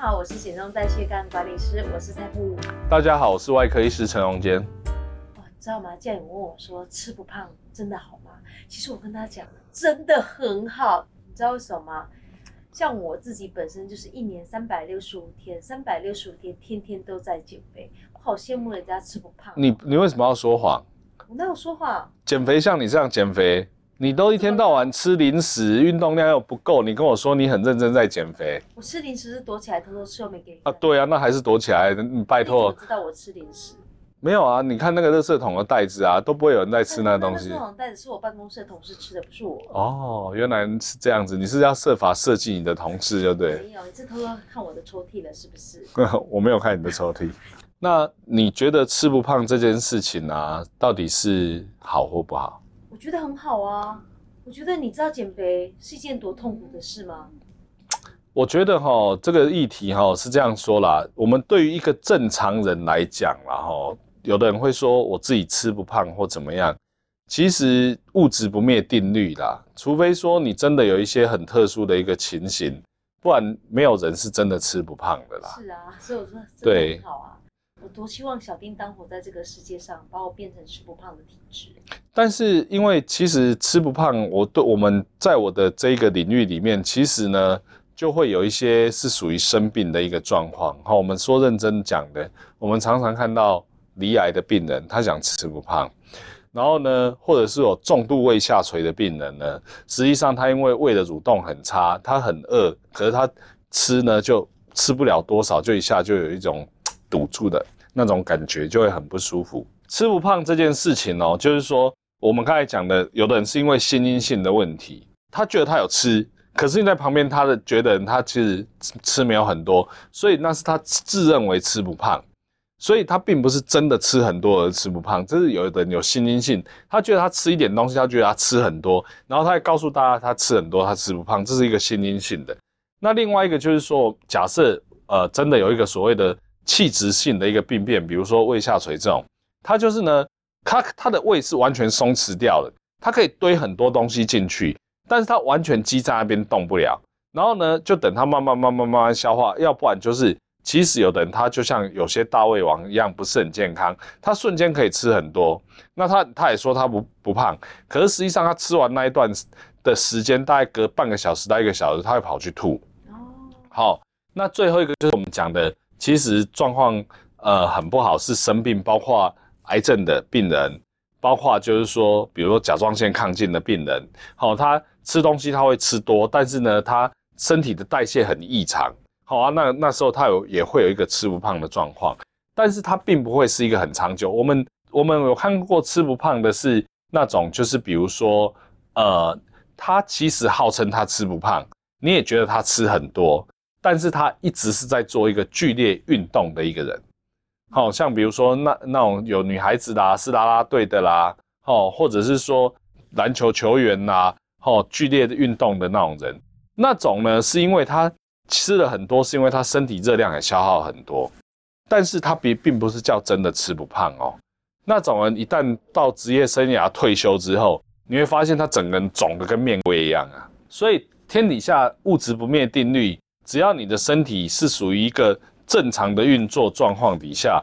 大家好，我是減重代謝科個案管理師，我是蔡沛穎。大家好，我是外科醫師陳榮堅。你知道嗎？建勇問我說：“吃不胖真的好嗎？”其實我跟他講，真的很好。你知道為什麼嗎？像我自己本身就是一年三百六十五天，三百六十五天天天都在減肥，我好羨慕人家吃不胖。你，你為什麼要說謊？我哪有說謊？減肥，像你這樣減肥。你都一天到晚吃零食，運動量又不夠。你跟我說你很認真在減肥？我吃零食是躲起來偷偷吃，又沒給你啊。對啊，那還是躲起來。你拜托，你怎麼知道我吃零食？沒有啊，你看那個垃圾桶的袋子啊，都不會有人在吃那個東西。那垃圾桶袋子是我辦公室的同事吃的，不是我。哦，原來是這樣子。你是要設法設計你的同事，就對。沒有，你是偷偷看我的抽屜了，是不是？ 我沒有看你的抽屜。 那你覺得吃不胖這件事情啊，到底是好或不好？我覺得很好啊！我覺得你知道減肥是一件多痛苦的事嗎？我覺得哈，這個議題哈是這樣說啦。我們對於一個正常人來講啦哈，有的人會說我自己吃不胖或怎麼樣。其實物質不滅定律啦，除非說你真的有一些很特殊的一個情形，不然沒有人是真的吃不胖的啦。是啊，所以我說對，很好啊！對我多希望小叮噹活在這個世界上，把我變成吃不胖的體質。但是，因為其實吃不胖，我對我們在我的這個領域裡面，其實呢就會有一些是屬於生病的一個狀況。哈，我們說認真講的，我們常常看到罹癌的病人，他想吃不胖，然後呢，或者是有重度胃下垂的病人呢，實際上他因為胃的蠕動很差，他很餓，可是他吃呢就吃不了多少，就一下就有一種堵住的那種感覺，就會很不舒服。吃不胖這件事情哦、喔，就是說。我們剛才講的，有的人是因為心因性的問題，他覺得他有吃，可是你在旁邊，他的覺得他其實吃，吃沒有很多，所以那是他自認為吃不胖，所以他並不是真的吃很多而吃不胖，這是有的人有心因性，他覺得他吃一點東西，他覺得他吃很多，然後他告訴大家他吃很多，他吃不胖，這是一個心因性的。那另外一個就是說，假設呃真的有一個所謂的器質性的一個病變，比如說胃下垂這種，他就是呢。他他的胃是完全鬆弛掉的，他可以堆很多東西進去，但是他完全積在那邊動不了。然後呢，就等他慢慢慢慢慢慢消化。要不然就是，其實有的人他就像有些大胃王一樣，不是很健康。他瞬間可以吃很多，那他他也說他不不胖，可是實際上他吃完那一段的時間，大概隔半個小時到一個小時，他會跑去吐。哦，好，那最後一個就是我們講的，其實狀況呃很不好，是生病，包括。癌症的病人，包括就是說，比如說甲狀腺亢進的病人，好、哦，他吃東西他會吃多，但是呢，他身體的代謝很異常，好、哦、啊，那那時候他有也會有一個吃不胖的狀況，但是他並不會是一個很長久。我們我們有看過吃不胖的是那種，就是比如說，呃，他其實號稱他吃不胖，你也覺得他吃很多，但是他一直是在做一個劇烈運動的一個人。好、哦、像比如說那那種有女孩子啦，是啦啦隊的啦，哦，或者是說籃球球員啦，哦，劇烈的運動的那種人，那種呢是因為他吃了很多，是因為他身體熱量也消耗很多，但是他並並不是叫真的吃不胖哦。那種人一旦到職業生涯退休之後，你會發現他整個人腫得跟麵龜一樣啊。所以天底下物質不滅定律，只要你的身體是屬於一個，正常的運作狀況底下，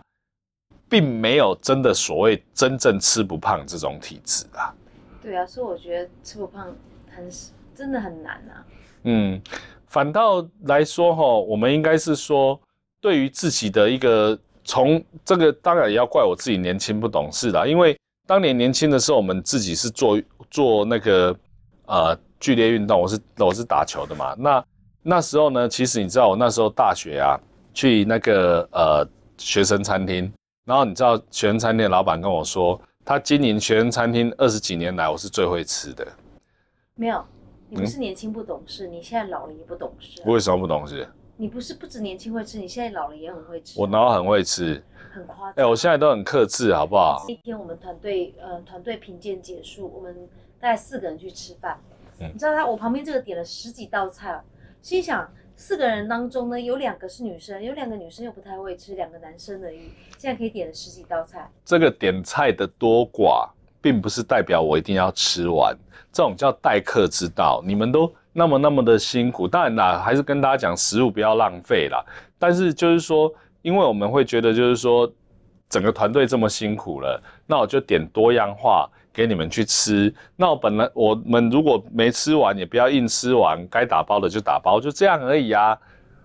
並沒有真的所謂真正吃不胖這種體質啊。對啊，所以我覺得吃不胖很真的很難啊。嗯，反倒來說吼，我們應該是說，對於自己的一個從這個，當然也要怪我自己年輕不懂事啦。因為當年年輕的時候，我們自己是做做那個呃劇烈運動，我是我是打球的嘛。那那時候呢，其實你知道，我那時候大學啊。去那個呃學生餐廳，然後你知道學生餐廳的老闆跟我說，他經營學生餐廳二十幾年來，我是最會吃的。沒有，你不是年輕不懂事，嗯、你現在老了也不懂事，啊。為什麼不懂事？你不是不止年輕會吃，你現在老了也很會吃。我然後很會吃，很誇張。哎、欸，我現在都很克制，好不好？今天我們團隊呃團隊評鑑結束，我們大概四個人去吃飯，嗯、你知道他我旁邊這個點了十幾道菜啊，心想。四個人當中呢，有兩個是女生，有兩個女生又不太會吃，兩個男生而已。現在可以點了十幾道菜，這個點菜的多寡，並不是代表我一定要吃完，這種叫待客之道。你們都那麼那麼的辛苦，當然啦，還是跟大家講，食物不要浪費啦。但是就是說，因為我們會覺得，就是說。整個團隊這麼辛苦了，那我就點多樣化給你們去吃。那我本來我們如果沒吃完，也不要硬吃完，該打包的就打包，就這樣而已啊。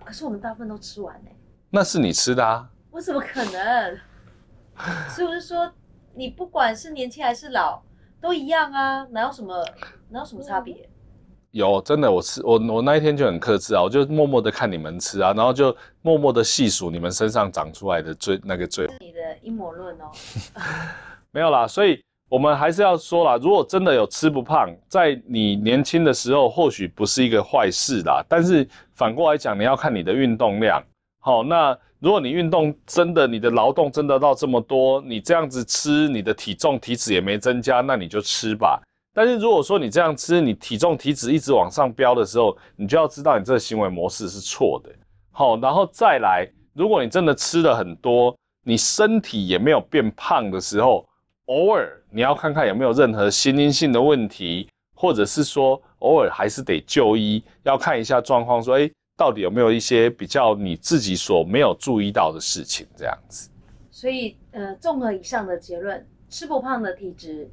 可是我們大部分都吃完哎、欸。那是你吃的啊。我怎麼可能？是不是說，你不管是年輕還是老，都一樣啊，哪有什麼哪有什麼差別？嗯、有真的，我吃我我那一天就很克制啊，我就默默的看你們吃啊，然後就默默的細數你們身上長出來的最那個最。陰謀論哦， 沒有啦，所以我們還是要說啦，如果真的有吃不胖，在你年輕的時候或許不是一個壞事啦。但是反過來講，你要看你的運動量。好，那如果你運動真的，你的勞動真的到這麼多，你這樣子吃，你的體重體脂也沒增加，那你就吃吧。但是如果說你這樣吃，你體重體脂一直往上飆的時候，你就要知道你這個行為模式是錯的。好，然後再來，如果你真的吃了很多。你身體也沒有變胖的時候，偶爾你要看看有沒有任何心因性的問題，或者是說偶爾還是得就醫，要看一下狀況說，說誒，到底有沒有一些比較你自己所沒有注意到的事情，這樣子。所以，呃，綜合以上的結論，吃不胖的體質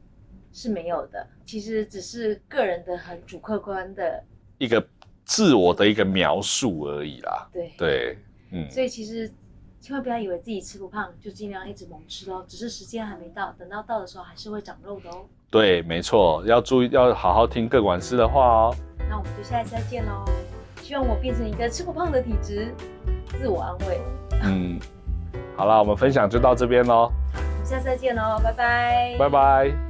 是沒有的，其實只是個人的很主客觀的一個自我的一個描述而已啦。對對，嗯，所以其實。千萬不要以為自己吃不胖就盡量一直猛吃哦，只是時間還沒到，等到到的時候還是會長肉的哦。對，沒錯，要注意，要好好聽個管師的話哦。那我們就下次再見嘍，希望我變成一個吃不胖的體質，自我安慰。嗯，好啦，我們分享就到這邊嘍，好，我們下次再見嘍，拜拜，拜拜。